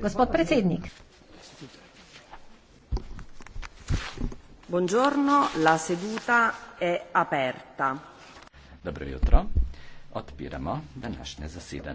Gospod predsednik. Buongiorno, la seduta è aperta. Dobro jutro. Odpiramo današnje zasedanje.